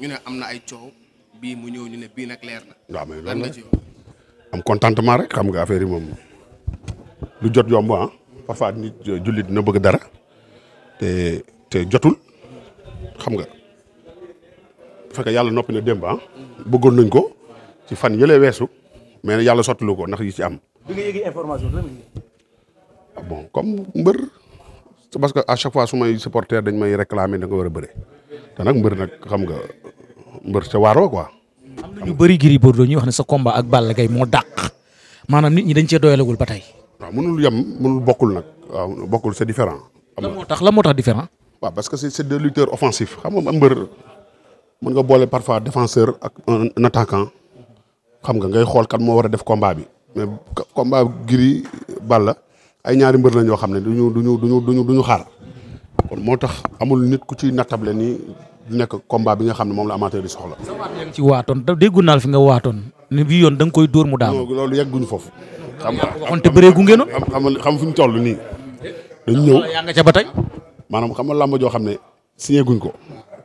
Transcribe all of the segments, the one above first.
ñu ne am na ay coow bii mu ñëw ñu ne bii nag leer na. waaw mais loolu ci am contentement rek xam nga affaire yi moom lu jot yomb ah faat nit euh, jullit dina bëgg dara te te jotul xam nga bu yàlla noppi na démb ah. bëggoon nañ ko ci fan yële weesu mais yàlla sottilu ko ndax yi ci am. bi nga ah bon comme mbër parce que à chaque fois su may supporter dañ may réclamer na nga war a bëre te nag mbër nag xam nga. mbër ca waaroo quoi. am na ñu bëri Gris Bordeaux ñuy wax ne sa combat ak Balla Gaye moo dàq maanaam nit ñi dañ cee doyalagul ba tey. waaw mënul yem mënul bokkul nag waaw bokkul c'est différent. am na la moo tax la moo tax différent. waaw parce que c'est deux lutteurs offensifs xam nga mbër mën nga boole parfois défenseur ak un xam nga ngay xool kan moo war a def combat bi mais combat Gris Balla ay ñaari mbër la ñoo xam ne du ñu du ñu du ñu xaar kon moo tax amul nit ku ci ciy nattable nii nekk combat bi nga xam ne moom la amateur di soxla. ci waatoon déggu naa fi nga waatoon ne bii yoon da koy dóor mu daal. loolu yegguñu foofu. xam nga waxoon te bëree gu ngeen xam fu ñu toll nii. dañu ñëw yaa ba tey. maanaam xam nga làmb joo xam ne signé ko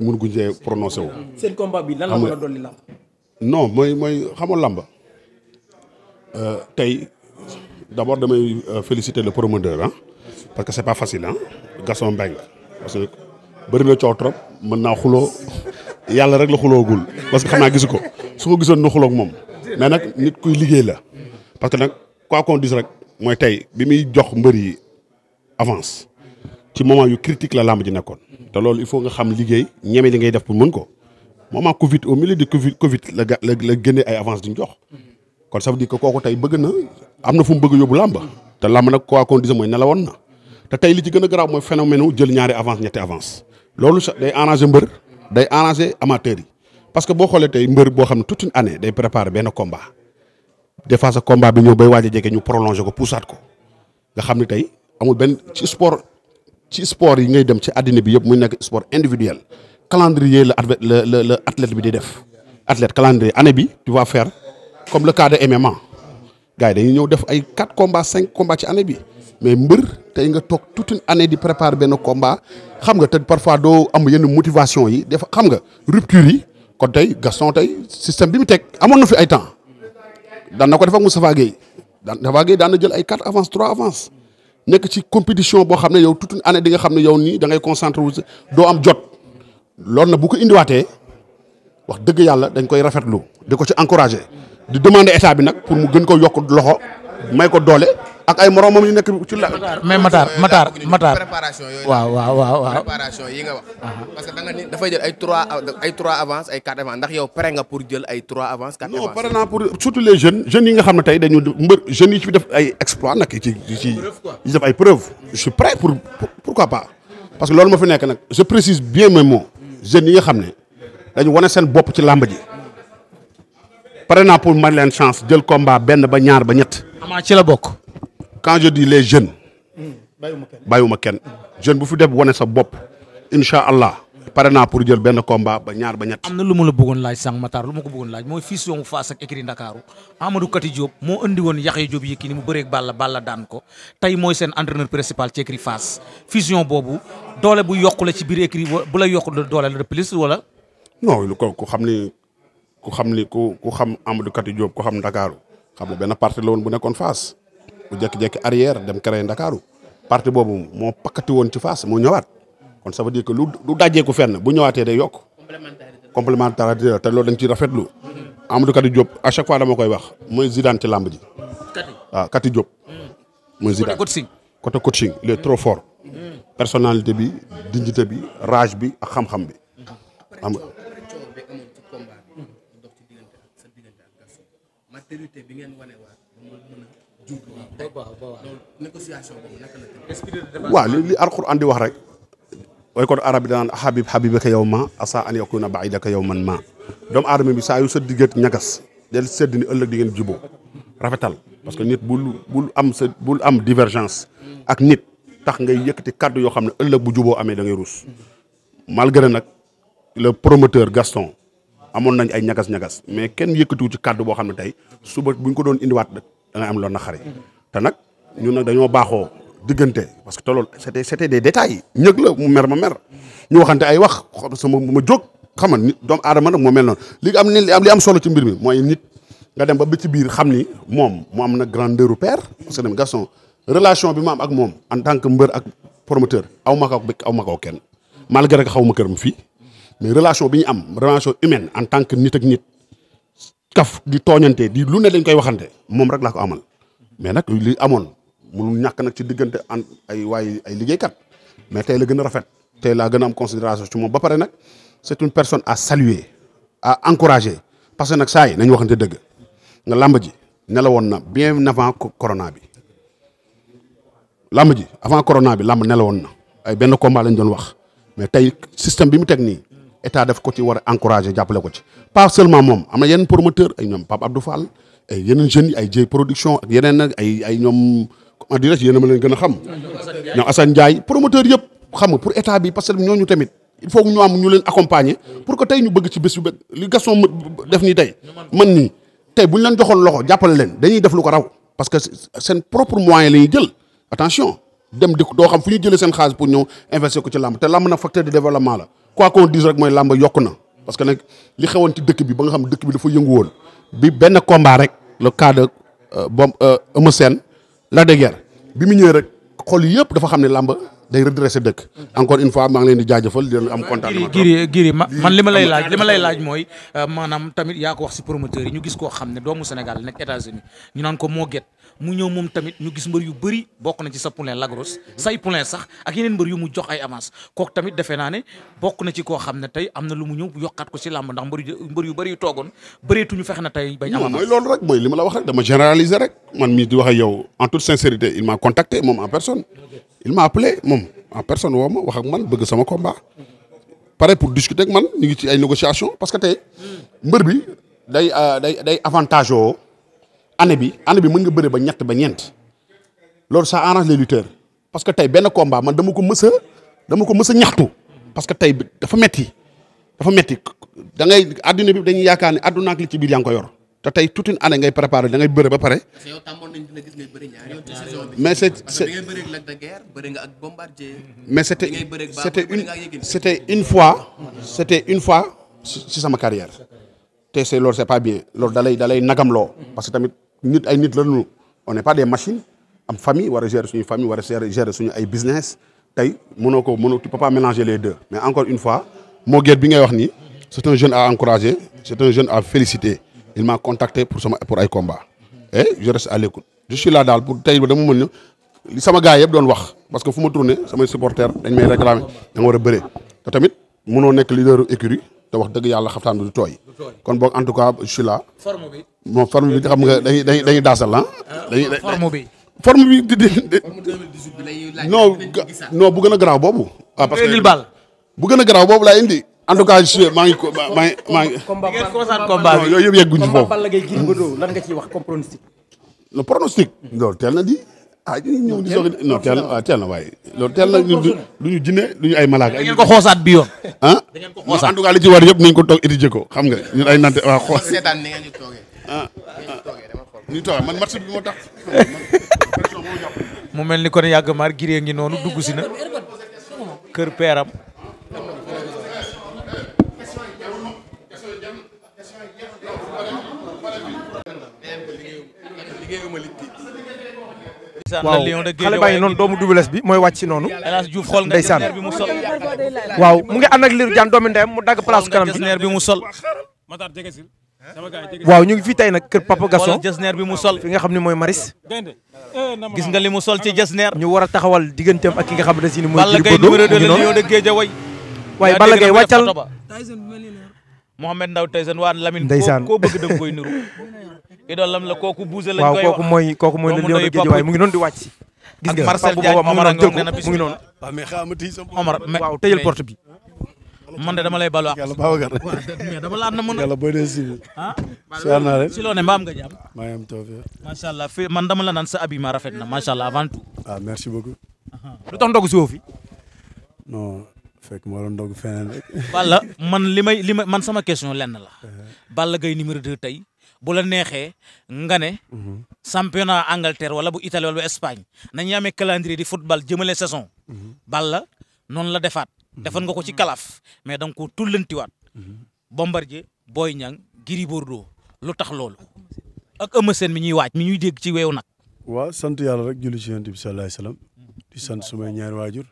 mun guñ cee prononcé wu. seen combat bi lan la mën a dolli làmb. non mooy mooy xamoo làmb euh, tey d'abord damay euh, féliciter le promoteur ah parce que c'est pas facile ah Gaston Mbengue parce bëri na coow trop mën naa xuloo yàlla rek la xuloogul parce que xam naa gisu ko su ko gisoon na xuloog moom mais nag nit kuy liggéey la parce que nag quoi qu'on dise rek mooy tey bi muy jox mbër yi avance ci moment yu critique la làmb ji nekkoon te loolu il faut nga xam liggéey ñeme li ngay def pour mën ko moment Covid au milieu de Covid Covid la ga la la génnee ay avance duñ jox kon ça veut dire kooku tey bëgg na am na fu mu bëgg yóbbu ba te làmb nag mooy nelawoon na te tey li ci gën a garaaw mooy phénomène jël ñaari avance ñetti avance loolu sax day arrangé mbër day arrangé amateur yi parce que boo xoolee tey mbër boo xam ne toute une année day préparé benn komba des fois sa bi ñëw bay waaj a jege ñu prolongé ko poussaat ko nga xam ne tey amul benn ci sport ci sport yi ngay dem ci àddina bi yëpp muy nekk sport individuel calendrier la adve la la la athlète bi di def athlète calendrier année bi tu vas faire comme le cas de MMA gars ñëw def ay quatre combats cinq combats ci année bi. mais mbër tey nga toog tout une année di préparer benn combat xam nga te parfois doo am yenn motivation yi dafa xam nga rupture yi kon tey Gaston tey système bi mu teg amoon na fi ay temps dana na ko def ak Moustapha Guèye daan Moustapha Guèye daan na jël ay quatre avance trois avance nekk ci compétition boo xam ne yow toute une année di nga xam ne yow nii dangay ngay concentré wu doo am jot loolu na bu ko indiwaatee wax dëgg yàlla dañ koy rafetlu di ko ci encouragé di demander état bi nag pour mu gën ko yokk loxo may ko doole ak ay moromam yu nekk ci la. mais Matar Matar Matar préparation yooyu waaw waaw waaw préparation yi nga wax. parce que dafay jël ay trois ay trois avance ay quatre avance ndax yow pare nga pour jël ay trois avance quatre avance non pare naa pour surtout les jeunes jeunes yi nga xam ne tey dañu mbër jeunes yi ci ay exploit nag ci ci ci def ay preuve je suis prêt pour pourquoi pas parce que loolu ma fi nekk nag je précise bien mes mots jeunes yi nga xam ne dañu wane seen bopp ci làmb ji pare naa pour may leen chance jël combat benn ba ñaar ba ñett Ama ci la bokk. quand je dis les jeunes. Hmm, bàyyiwuma kenn bàyyiwuma kenn jeune bu fi def wane sa bopp incha allah. pare naa pour jël benn komba ba ñaar ba ñett. am na lu ma la bëggoon laaj sànq Matar lu ma ko bëggoon laaj mooy fusion wu Fass ak écurie Ndakaaru Amadou Kati Diop moo andi woon Yaxya Diop Yékini mu bëreeg Balla Balla daan ko tey mooy seen entraîneur principal ci écurie Fass fusion boobu doole bu yokku la ci biir écurie bu la yokku doole la de plus wala. non lu ko ku xam ni ku xam ni ku ku xam Amadou Kati Diop xam Ndakaaru xam nga benn parti la woon bu nekkoon Fass bu jékki-jékki arrière dem créé Ndakaaru parti boobu moo pakkati woon ci Fass moo ñëwaat kon ça veut dire que lu lu dajjeeku fenn bu ñëwaatee day yokk complémentarité te loolu dañ ciy rafetlu Amadou Kati Diop à chaque fois dama koy wax mooy Zidane ci làmb ji waaw ah, Kati Diop mm. mooy Zidane côté coaching il est trop fort mm. personnalité bi dignité bi rage bi ak xam-xam bi mm. nga maturité bi ngeen wane waat moo mën a jur li li alxuraan di wax rek way kon arab bi danaan habib habibaka yow ma asa an yakuna baidaka yow man ma doomu aadama bi saa yu sa diggat ñagas del sedd ni ëllëg di ngeen jubo rafetal parce que nit bul bul am sa bul am divergence ak nit tax nga yëkkati kàddu yoo xam ne ëllëg bu juboo amee da ngay ruus malgré nag le promoteur Gaston amoon nañ ay ñagas-ñagas mais kenn yëkkatu ci kàddu boo xam ne tey suba buñ ko doon indiwaat da am loolu na xare te nag ñun nag dañoo baaxoo diggante parce que te loolu c'était c'était des détails ñëg la mu mer ma mer ñu waxante ay wax sama ma jóg xam nga nit doomu aadama nag moo mel noonu li am ni li am solo ci mbir mi mooy nit nga dem ba bi ci biir xam ni moom mu am na grandeur u père parce que dem Gaston relation bi ma am ak moom en tant que mbër ak promoteur aw ma ko aw ma ko kenn malgré que xaw ma këram fii mais relation bi ñu am relation humaine en tant que nit ak nit kaf di tooñante di lu ne dañ koy waxante moom rek laa ko amal mais nag li amoon mënul ñàkk nag ci diggante an ay waay ay liggéeykat mais tey la gën a rafet tey laa gën am considération ci moom ba pare nag c'est une personne à saluer à encourager parce que nag saa yi nañu waxante dëgg nga làmb ji nelawoon na bien avant corona bi làmb ji avant corona bi làmb nelawoon na ay benn combat lañ doon wax mais tey système bi mu teg nii état def ko ci war a encourager jàppale ko ci pas seulement moom am na yeneen promoteur ay ñoom Pape Abdou Fall ay yeneen jeunes ay jëy production ak yeneen ak ay ñoom comment dirais a ma leen gën a xam ñoom Assane Ndiaye promoteur yëpp xam nga pour état bi parce que ñooñu tamit il faut ñu am ñu leen accompagner pour que tey ñu bëgg ci bés bu bëgg li Gaston def nii tey man nii tey bu ñu leen joxoon loxo jàppale leen dañuy def lu ko raw parce que seen propre moyen la ñuy jël attention dem di doo xam fu ñu jëlee seen xaalis pour ñëw investir te làmb nag facteur développement la quoi qu'on dise rek mooy làmb yokk na parce que nag li xewoon ci dëkk bi ba nga xam dëkk bi dafa yëngu woon bi benn combat rek le cas de euh, bom euh, Eumeu Sène la de bi mu ñëwee rek xol yëpp dafa xam ne làmb day redressé dëkk. encore une fois leen di jaajëfal di leen am kontaan. man li ma lay laaj li ma lay laaj mooy euh, maanaam tamit yaa ko wax si promoteur yi ñu gis koo xam ne doomu Sénégal nekk États-Unis ñu naan ko moo gét mu ñëw moom tamit ñu gis mbër yu bëri bokk na ci sa poulain lagros say poulain sax ak yeneen mbër yu mu jox ay avance kooku tamit defe naa ne bokk na ci koo xam ne tey am na lu mu ñëw yokkaat ko si làmb ndax mbër yu mbër yu bëri yu toogoon bëreetuñu na tey bañ am mooy loolu rek mooy li ma la wax rek dama généraliser rek man mii di wax ak yow en toute sincérité il m'a contacté moom en personne il m'a appelé moom en personne woo ma wax ak man bëgg sama combat pare pour discuter que tey bi day euh, day day avantage oo année bi année bi mën nga bëre ba ñett ba ñeent loolu ça arrange les lutteurs parce que tey benn combat man dama ko mës a dama ko mës a ñaxtu parce que tey dafa metti dafa metti da ngay adduna bi dañuy yaakaar ne adduna ak li ci biir yaa ko yor te tey toute une année ngay préparé da ngay bëre ba pare. parce nañ la gis ngay bëre ñaar yow ci saison bi. mais c'est parce que da ngay bëre ak une c'était une fois c'était une fois si sama carrière te c'est loolu c'est pas bien loolu dalay dalay nagam parce que tamit. nit ay nit la ñu on n'est pas des machines am famille war a gérer suñu famille war a gérer suñu ay business tey mënoo ko mënoo tu peux mélanger les deux mais encore une fois moo geer bi ngay wax nii c'est un jeune à encourager c'est un jeune à féliciter il m'a contacté pour sama pour ay combat et je reste à l'écoute je suis daal pour tey ba dama mën li sama gars yëpp doon wax parce que fu ma tourné samay supporters dañ may réclamer da nga war a bëre te tamit mënoo nekk leaderu écurie te wax dëgg yàlla xaftaan bi du tooy. kon boog en tout cas je suis bi moom forme bi xam nga dañuy dañuy dañuy daasal ah. Euh, forme bi. forme bi di di non non bu gën a boobu. ah parce que bu gën a boobu laa indi. en tout cas maa ngi ko maa ngi maa ngi. combat yooyu yëpp yegguñu foofu. lan nga ciy wax comme pronostic. le pronostic. loolu teel na di. ah ñëw di soog non teel waaw ah, na waaye loolu teel na ñun du ñu jinne du ñu ay malaaka da ngeen ko xoosaat bi yoon ah da ngeen ko xoosaat en tout cas ko toog étudier ko xam nga ay nante waaw xool seetaan ni ñu toogee ah, ah ñu toogee man match bi moo tax mu mel ni kon yàgg maar girée ngi noonu dugg si na kër peeram waaw xale baa ngi noonu doomu dubles bi mooy wàcc si noonu ndeysaan waaw mu ngi ànd ak liiru jaan doomi ndeyam mu dagg place kanam bi mu sol waaw ñu ngi fii tey nag kër Papa Gaston jasneer bi mu sol fi nga xam ne mooy maris eh, gis nga li mu sol ci jasneer ñu war a taxawal digganteem ak ki nga xam ne si ni mooy Gris Bordeaux noonu waaye Balla idolam la kooku buuse lañ koy wax waaw kooku mooy kooku mooy le lion de Guédiawaye mu ngi noonu di wàcc si mais xaama tiy sa man dama lay balu ak yàlla Babacar mais na mën yàlla boo dee si ah? nga jàmm maa ngi am tawfeex man dama la naan sa abi ma rafet na macha allah avant ah, merci beaucoup lu tax ndogu si woo fi non fekk moo doon man li may li may man sama question lenn la uh-huh. Balla Gaye numéro 2 tey bu la neexee nga ne. Mhm. championnat Angleterre wala bu Italie wala bu Espagne nañu amee calendrier di football jëmale saison. Mhm. Balla noonu la defaat. Mhm. defoon nga ko ci kalaaf mais da nga koo tullantiwaat. Bombardier Boy Niang Gris doo lu tax loolu. ak Eumeu seen mi ñuy waaj mi ñuy dégg ci weewu nag. waaw sant yàlla rek julli ci yonent bi sallallahu alayhi wasallam di sant sumay ñaari waajur.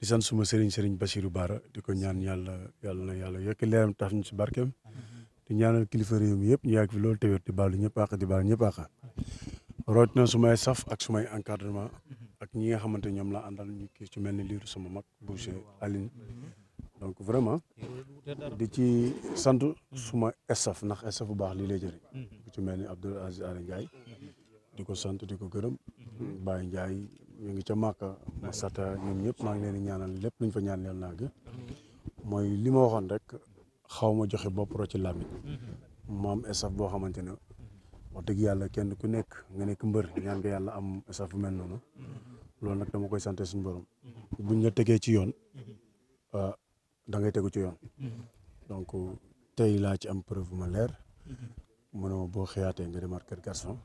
di sant suma Serigne Serigne Bassirou Bara di ko ñaan yàlla yàlla na yàlla yokk leeram tax ñu ci barkeem. di ñaanal kilifa réew mi yëpp ñu yàgg fi loolu te wér di baalu ñëpp a di baal ñëpp àq root na su may saf ak sumay may encadrement ak ñi nga xamante ñoom la àndal ñu kii ci mel ni liiru sama mag boucher Aline donc vraiment di ci sant suma estaf ndax estaf bu baax lii lay jëriñ ku ci mel ni Abdoul Aziz Ari Ndiaye di ko sant di ko gërëm Baye Ndiaye ñu ngi ca Màkka Masata ñoom ñëpp maa ngi leen di ñaanal lépp luñ fa ñaan leen naa gi mooy li ma waxoon rek xaw ma joxe bopp ci làmmiñ maam mm-hmm. esaf boo xamante ne moo mm-hmm. dëgg yàlla kenn ku nekk nga nekk mbër ñaan nga yàlla am esaf bu mel noonu mm-hmm. loolu nag dama koy sante suñu borom buñ la tegee ci yoon ah, da tegu ci yoon donc tey laa ci am preuve ma leer mënoo boo xëyaatee nga demaat kër garçon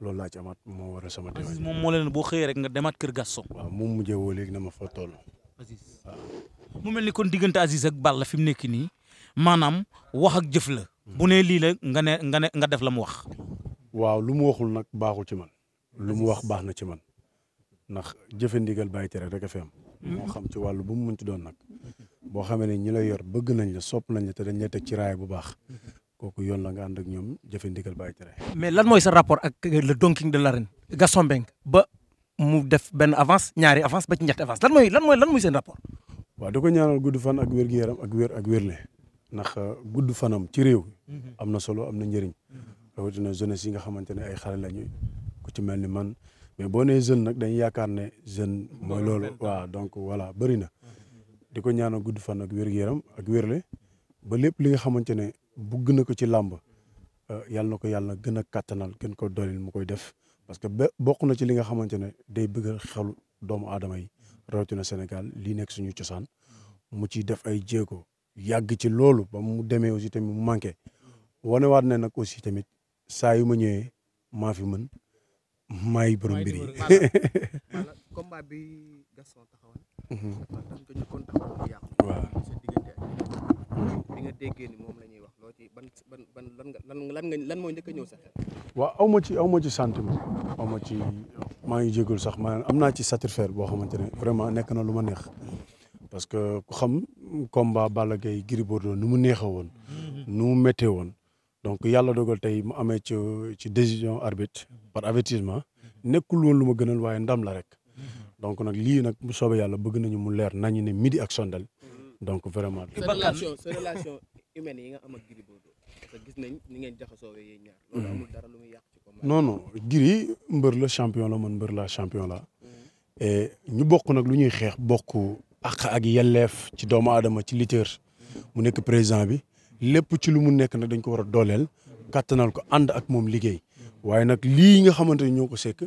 laa ci moo waral sama. moom moo leen boo xëyee rek nga demaat kër garçon. waaw moom mujjee woo léegi na ma fa mu mel ni kon diggante Aziz ak Balla fi mu nekk nii maanaam wax ak jëf la. bu ne lii la nga ne nga ne nga def la mu wax. waaw lu mu waxul nag baaxul ci man. lu mu wax baax na ci man ndax jëfe ndigal bàyyi tere rek a fi am. moo xam ci wàllu bu mu munti doon nag boo xamee ne ñi la yor bëgg nañ la sopp nañ la te dañ la teg ci raay bu baax kooku yoon la nga ànd ak ñoom jëfe ndigal bàyyi tere. mais lan mooy sa rapport ak le donking de l'arène Gaston Mbengue ba mu def ba ci ñetti avance lan mooy lan mooy lan mooy waa di ko ñaanal gudd fan ak wér-gu-yaram ak wér ak wérle ndax euh, gudd fanam ci réew mhm. am na solo am na njëriñ mhm. rawatina jeunesse yi nga xamante ne ay xale lañu ku ci mel ni man mais boo nee jeune nag dañ yaakaar ne jeune mooy loolu waaw donc voilà bëri na mhm. di ko ñaanal gudd fan ak wér-gu-yaram ak wérle ba lépp li nga xamante ne bugg na ko ci làmb euh, yàlla na ko yàlla gën a kàttanal gën ko dolil mu koy def parce que bokk na ci li nga xamante ne day bëgg xelu doomu aadama yi rawatina Sénégal lii nekk suñu cosaan mu ci def ay jéego yàgg ci loolu ba mu demee aussi tamit mu manqué wanewaat ne nag aussi tamit saa yu ma ñëwee maa fi mën maay borom mbir bi mhm. Gaston bi nga ban ban lan nga lan lan mooy njëkk a ñëw sa xel. waaw aw ma ci aw ma ci sentiment aw ma ci maa ngi jégalu sax maanaam am naa ci satisfaire boo xamante ne vraiment nekk na lu ma neex parce que ku xam combat Balla Gaye Gris nu mu neexee woon. nu mu méttee woon. donc yàlla dogal tey mu amee ci ci décision arbitre par avertissement nekkul woon lu ma gënal waaye ndam la rek. donc nag lii nag mu soobee yàlla bëgg nañu mu leer nañu ne midi ak sondal mm-hmm. donc vraiment. sa relation yu mel ni yi nga am ak Gris gis nañ ni ngeen jaxasoo yéen ñaar. Mm-hmm. dara lu muy yàq ci combat. non mbër la champion la man mbër la champion la mm-hmm. et ñu bokk nag lu ñuy xeex bokk àq ak yelleef ci doomu aadama ci lutteur mm-hmm. mu nekk président bi lépp ci lu mu nekk nag dañ ko war a dooleel kattanal ko ànd ak moom liggéey waaye nag lii nga xamante ni ñoo ko sekk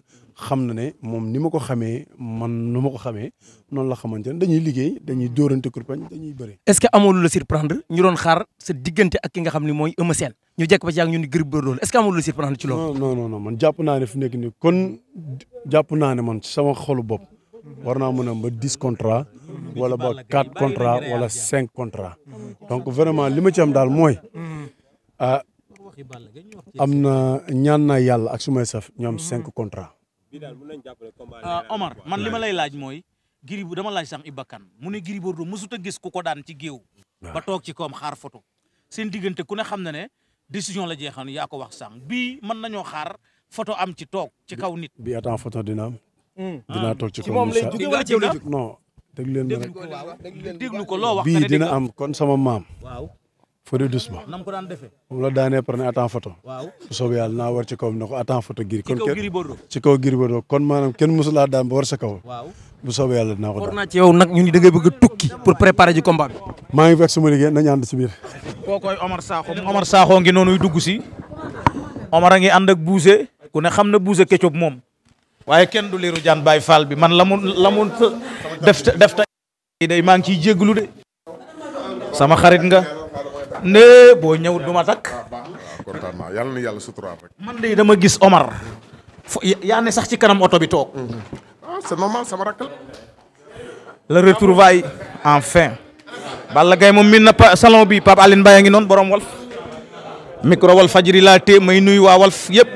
xam na ne moom ni ma ko xamee man nu ma ko xamee noonu la xamante ne dañuy liggéey dañuy dóorante kurpañ dañuy bëri. est-ce que amoo lu la surprendre ñu doon xaar sa diggante a ki nga xam ne mooy Eumeu Sène ñu jekk ba ci yàgg ñu ni Gris Bordeaux est-ce que amoo lu la man jàpp naane fu nekk nii kon jàpp naa ne man sama xolu bopp war naa mën a ba dix contrat wala ba quatre contrat wala cinq contrat donc vraiment li ma ci daal mooy ah, am na ñaan naa yàlla ak sumay saf ñoom cinq mhm. contrat ah Omar man li ma lay laaj mooy Gris bu dama laaj sax Ibakan mu ne Gris Bordeaux mësut a gis ku ko daan ci géew ba toog ci koom xaar photo seen diggante ku ne xam na ne décision la jeexoon yaa ko wax sànq bii mën nañoo xaar photo am ci toog ci kaw nit bi attends photo dina am hmm. dinaa ah. toog ci kaw moom lay jóge wala ci non déglu leen ma rek déglu loo wax bii dina am kon sama maam fodé dus ba nam ko daan defee moom la daanee par ne attend photo waaw bu soobee yàlla naa war ci kawam ne ko attend photo giri kon ci kaw giri bodo kon maanaam kenn mosulaa daan ba war sa kaw waaw bu soobee yàlla dinaa ko daan naa ci yow nag ñu ni da ngay bëgg a tukki pour préparer ji combat bi maa ngi fekk suma liggéey nañu ànd si biir kookoy Omar Sakho Omar Sakho ngi noonuy dugg si Omar a ngi ànd ak Bousse ku ne xam na Bousse Ketchup moom waaye kenn du liiru jaan Baye Fall bi man la mu la mu def def ta day maa ngi ciy jégglu de sama xarit nga ne boo ñëw du ma takk. Ah, man de dama gis Omar. fo yaa ne sax ci kanam oto bi toog. Mhm. ah c'est normal sama rakk la. retrouvaille enfin. Balla Gaye moom min na salon bi Pape Aline Mbaye a ngi noon borom Walf. micro Walf Fadjri laa tee may nuyu waa Walf yëpp.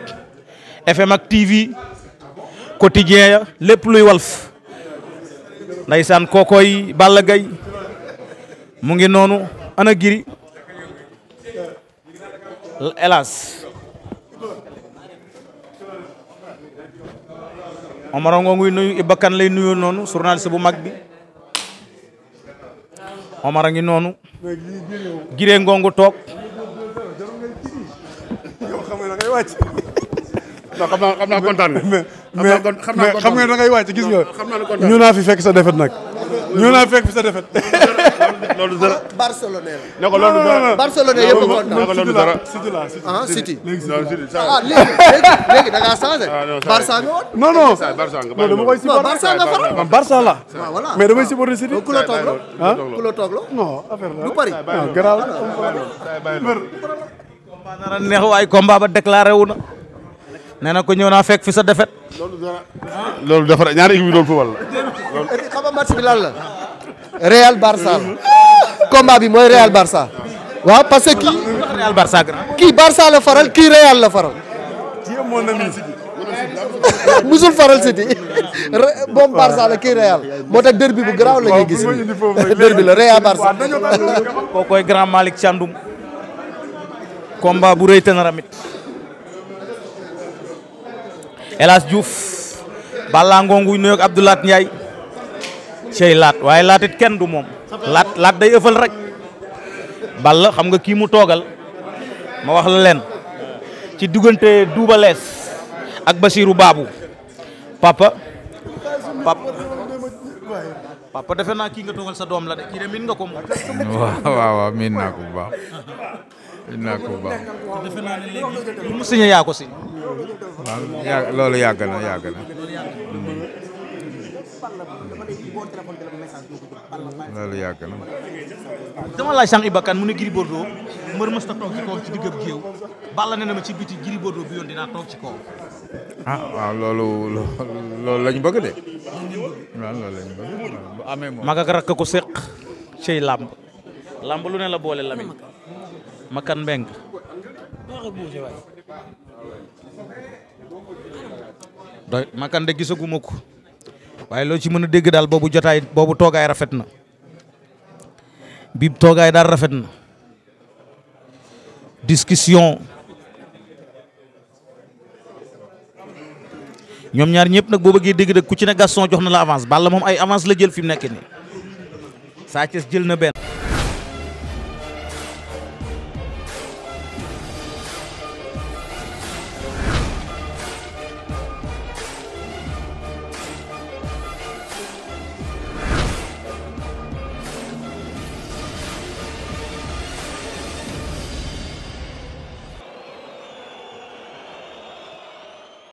FM ak TV. quotidien ya lépp luy Walf. ndaysaan kookooy Balla Gaye mu ngi noonu ana giri hélas Omaro ngoo ngi nuyu Iba Kane lay nuyoo noonu journaliste bu mag bi Omaro ngi noonu giree ngongu toog non xam naa xam naa kontaan nga. mais xam nga da ngay wàcc gis nga. ñu naa fi fekk sa defet nag. ñu naa fekk fi sa defet loolu dara ah, Barcelone la. ne ko loolu dara Barcelone yëpp kontaan. ne ko ah, dama koy supporter. Barça nga faral man Barça la. Ah, voilà mais la toog la ah ku la toog lu bari. garaaw la. combat nara neex waaye nee na ko ñëw naa fekk fi sa defet loolu dara loolu dafa ñaari équipe yi doon la. xam nga match bi mooy Real Barça. waaw parce que kii. Real Barça kii Barça la faral kii Real la faral. musul faral City moom Barça la kii Real moo tax derbi bu garaaw la ñuy gis derbi la Real Barça. kookoy grand Malick Thiandoum. combat bu rëy te na ramit Elas Diouf Balla Ngongu nuyoog Abdoulaat njaay cey laat waaye laatit kenn du moom laat laat day ëffal rek Balla xam nga kii mu toogal ma wax la leen ci diggante Double Less ak Basirou Babou papa papa papa defe naa kii nga toogal sa doom la de kii de miin nga ko moom. waaw miin naa ko baax. naa ko bu lu mu signé yaa ko si. waaw loolu yàgg na yàgg na. loolu yàgg na. dama laaj sànq Iba Kane mu ne Gris Bordeaux mbër mës na toog ci kaw ci diggab géew Balla ne na ci biti Gris Bordeaux yoon dinaa toog ci kaw. ah waaw loolu loolu lañ bëgg de. waaw loolu lañ bëgg bu mag ak rakk làmb làmb lu ne la boole Lamine. Makan Mbeng Makan de gisaguma ko waaye loo ci mën a dégg daal boobu jotaay boobu toogaay rafet na biib toogaay daal rafet na discussion ñoom ñaar ñëpp nag boo bëggee dégg nag ku ci ne Gaston jox na la avance Balla moom ay avance la jël fi mu nekk nii Sa jël na benn